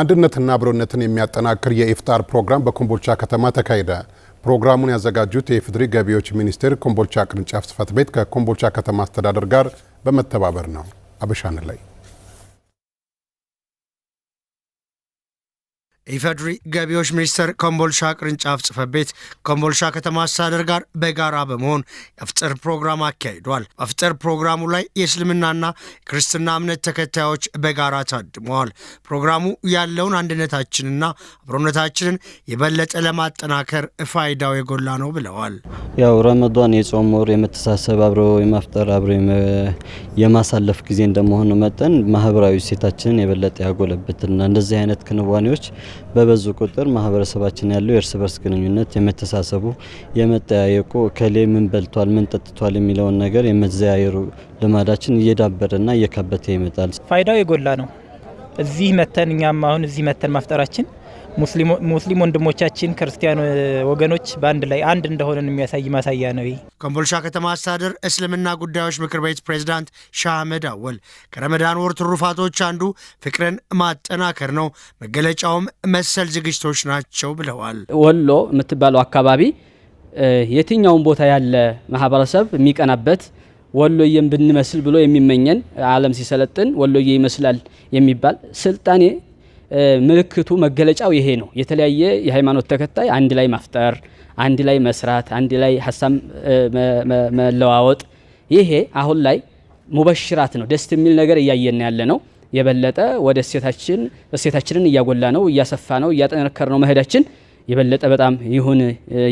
አንድነትና አብሮነትን የሚያጠናክር የኢፍጣር ፕሮግራም በኮምቦልቻ ከተማ ተካሄደ። ፕሮግራሙን ያዘጋጁት የኢፌዴሪ ገቢዎች ሚኒስቴር ኮምቦልቻ ቅርንጫፍ ጽሕፈት ቤት ከኮምቦልቻ ከተማ አስተዳደር ጋር በመተባበር ነው። አበሻን ላይ የኢፌዴሪ ገቢዎች ሚኒስቴር ኮምቦልሻ ቅርንጫፍ ጽፈት ቤት ኮምቦልሻ ከተማ አስተዳደር ጋር በጋራ በመሆን የፍጥር ፕሮግራም አካሂዷል። በፍጥር ፕሮግራሙ ላይ የእስልምናና የክርስትና እምነት ተከታዮች በጋራ ታድመዋል። ፕሮግራሙ ያለውን አንድነታችንና አብሮነታችንን የበለጠ ለማጠናከር ፋይዳው የጎላ ነው ብለዋል። ያው ረመዷን የጾም ወር የመተሳሰብ አብሮ የማፍጠር አብሮ የማሳለፍ ጊዜ እንደመሆኑ መጠን ማህበራዊ እሴታችንን የበለጠ ያጎለብትና እንደዚህ አይነት ክንዋኔዎች በበዙ ቁጥር ማህበረሰባችን ያለው የእርስ በርስ ግንኙነት የመተሳሰቡ፣ የመጠያየቁ ከሌ ምን በልቷል ምን ጠጥቷል የሚለውን ነገር የመዘያየሩ ልማዳችን እየዳበረና እየካበተ ይመጣል። ፋይዳው የጎላ ነው። እዚህ መተን እኛም አሁን እዚህ መተን ማፍጠራችን ሙስሊም ወንድሞቻችን ክርስቲያን ወገኖች በአንድ ላይ አንድ እንደሆነን የሚያሳይ ማሳያ ነው። ኮምቦልቻ ከተማ አስተዳደር እስልምና ጉዳዮች ምክር ቤት ፕሬዝዳንት ሻህመድ አወል ከረመዳን ወር ትሩፋቶች አንዱ ፍቅርን ማጠናከር ነው፣ መገለጫውም መሰል ዝግጅቶች ናቸው ብለዋል። ወሎ የምትባለው አካባቢ የትኛውን ቦታ ያለ ማህበረሰብ የሚቀናበት ወሎዬን ብንመስል ብሎ የሚመኘን ዓለም ሲሰለጥን ወሎዬ ይመስላል የሚባል ስልጣኔ ምልክቱ መገለጫው ይሄ ነው። የተለያየ የሃይማኖት ተከታይ አንድ ላይ ማፍጠር፣ አንድ ላይ መስራት፣ አንድ ላይ ሀሳብ መለዋወጥ፣ ይሄ አሁን ላይ ሙበሽራት ነው። ደስ የሚል ነገር እያየን ያለ ነው። የበለጠ ወደ እሴታችን እሴታችንን እያጎላ ነው፣ እያሰፋ ነው፣ እያጠነከር ነው መሄዳችን የበለጠ በጣም ይሁን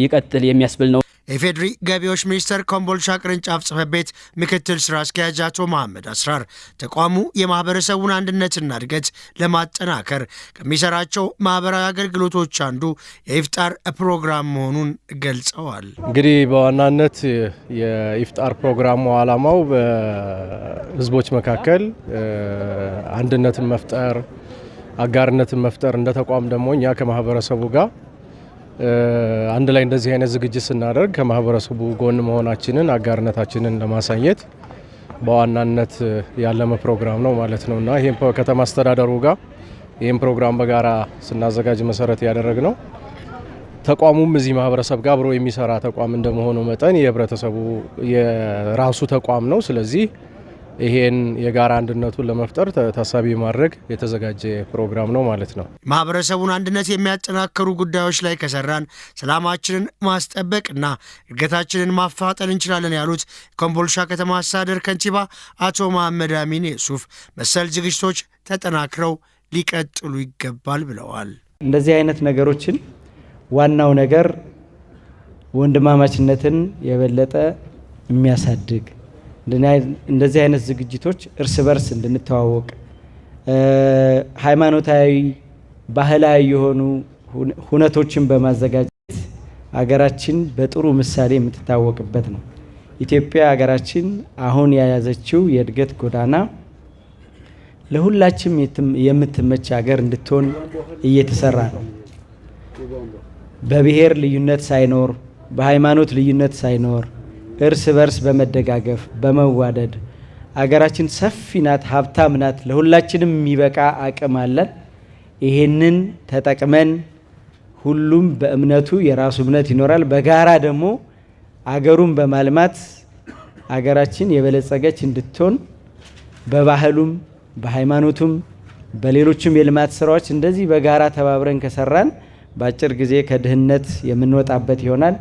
ይቀጥል የሚያስብል ነው። የፌዴሪ ገቢዎች ሚኒስቴር ኮምቦልቻ ቅርንጫፍ ጽህፈት ቤት ምክትል ስራ አስኪያጅ አቶ መሐመድ አስራር ተቋሙ የማህበረሰቡን አንድነትና እድገት ለማጠናከር ከሚሰራቸው ማህበራዊ አገልግሎቶች አንዱ የኢፍጣር ፕሮግራም መሆኑን ገልጸዋል። እንግዲህ በዋናነት የኢፍጣር ፕሮግራሙ አላማው በህዝቦች መካከል አንድነትን መፍጠር፣ አጋርነትን መፍጠር እንደ ተቋም ደግሞ እኛ ከማህበረሰቡ ጋር አንድ ላይ እንደዚህ አይነት ዝግጅት ስናደርግ ከማህበረሰቡ ጎን መሆናችንን አጋርነታችንን ለማሳየት በዋናነት ያለመ ፕሮግራም ነው ማለት ነው እና ይህም ከተማ አስተዳደሩ ጋር ይህም ፕሮግራም በጋራ ስናዘጋጅ መሰረት ያደረግ ነው። ተቋሙም እዚህ ማህበረሰብ ጋር አብሮ የሚሰራ ተቋም እንደመሆኑ መጠን የህብረተሰቡ የራሱ ተቋም ነው። ስለዚህ ይሄን የጋራ አንድነቱን ለመፍጠር ታሳቢ ማድረግ የተዘጋጀ ፕሮግራም ነው ማለት ነው። ማህበረሰቡን አንድነት የሚያጠናከሩ ጉዳዮች ላይ ከሰራን ሰላማችንን ማስጠበቅና እድገታችንን ማፋጠን እንችላለን ያሉት የኮምቦልቻ ከተማ አስተዳደር ከንቲባ አቶ መሐመድ አሚን የሱፍ መሰል ዝግጅቶች ተጠናክረው ሊቀጥሉ ይገባል ብለዋል። እንደዚህ አይነት ነገሮችን ዋናው ነገር ወንድማማችነትን የበለጠ የሚያሳድግ እንደዚህ አይነት ዝግጅቶች እርስ በርስ እንድንተዋወቅ ሃይማኖታዊ፣ ባህላዊ የሆኑ ሁነቶችን በማዘጋጀት አገራችን በጥሩ ምሳሌ የምትታወቅበት ነው። ኢትዮጵያ ሀገራችን አሁን የያዘችው የእድገት ጎዳና ለሁላችም የምትመች ሀገር እንድትሆን እየተሰራ ነው። በብሔር ልዩነት ሳይኖር፣ በሃይማኖት ልዩነት ሳይኖር እርስ በርስ በመደጋገፍ በመዋደድ አገራችን ሰፊ ናት፣ ሀብታም ናት። ለሁላችንም የሚበቃ አቅም አለን። ይሄንን ተጠቅመን ሁሉም በእምነቱ የራሱ እምነት ይኖራል። በጋራ ደግሞ አገሩን በማልማት አገራችን የበለጸገች እንድትሆን በባህሉም በሃይማኖቱም በሌሎችም የልማት ስራዎች እንደዚህ በጋራ ተባብረን ከሰራን በአጭር ጊዜ ከድህነት የምንወጣበት ይሆናል።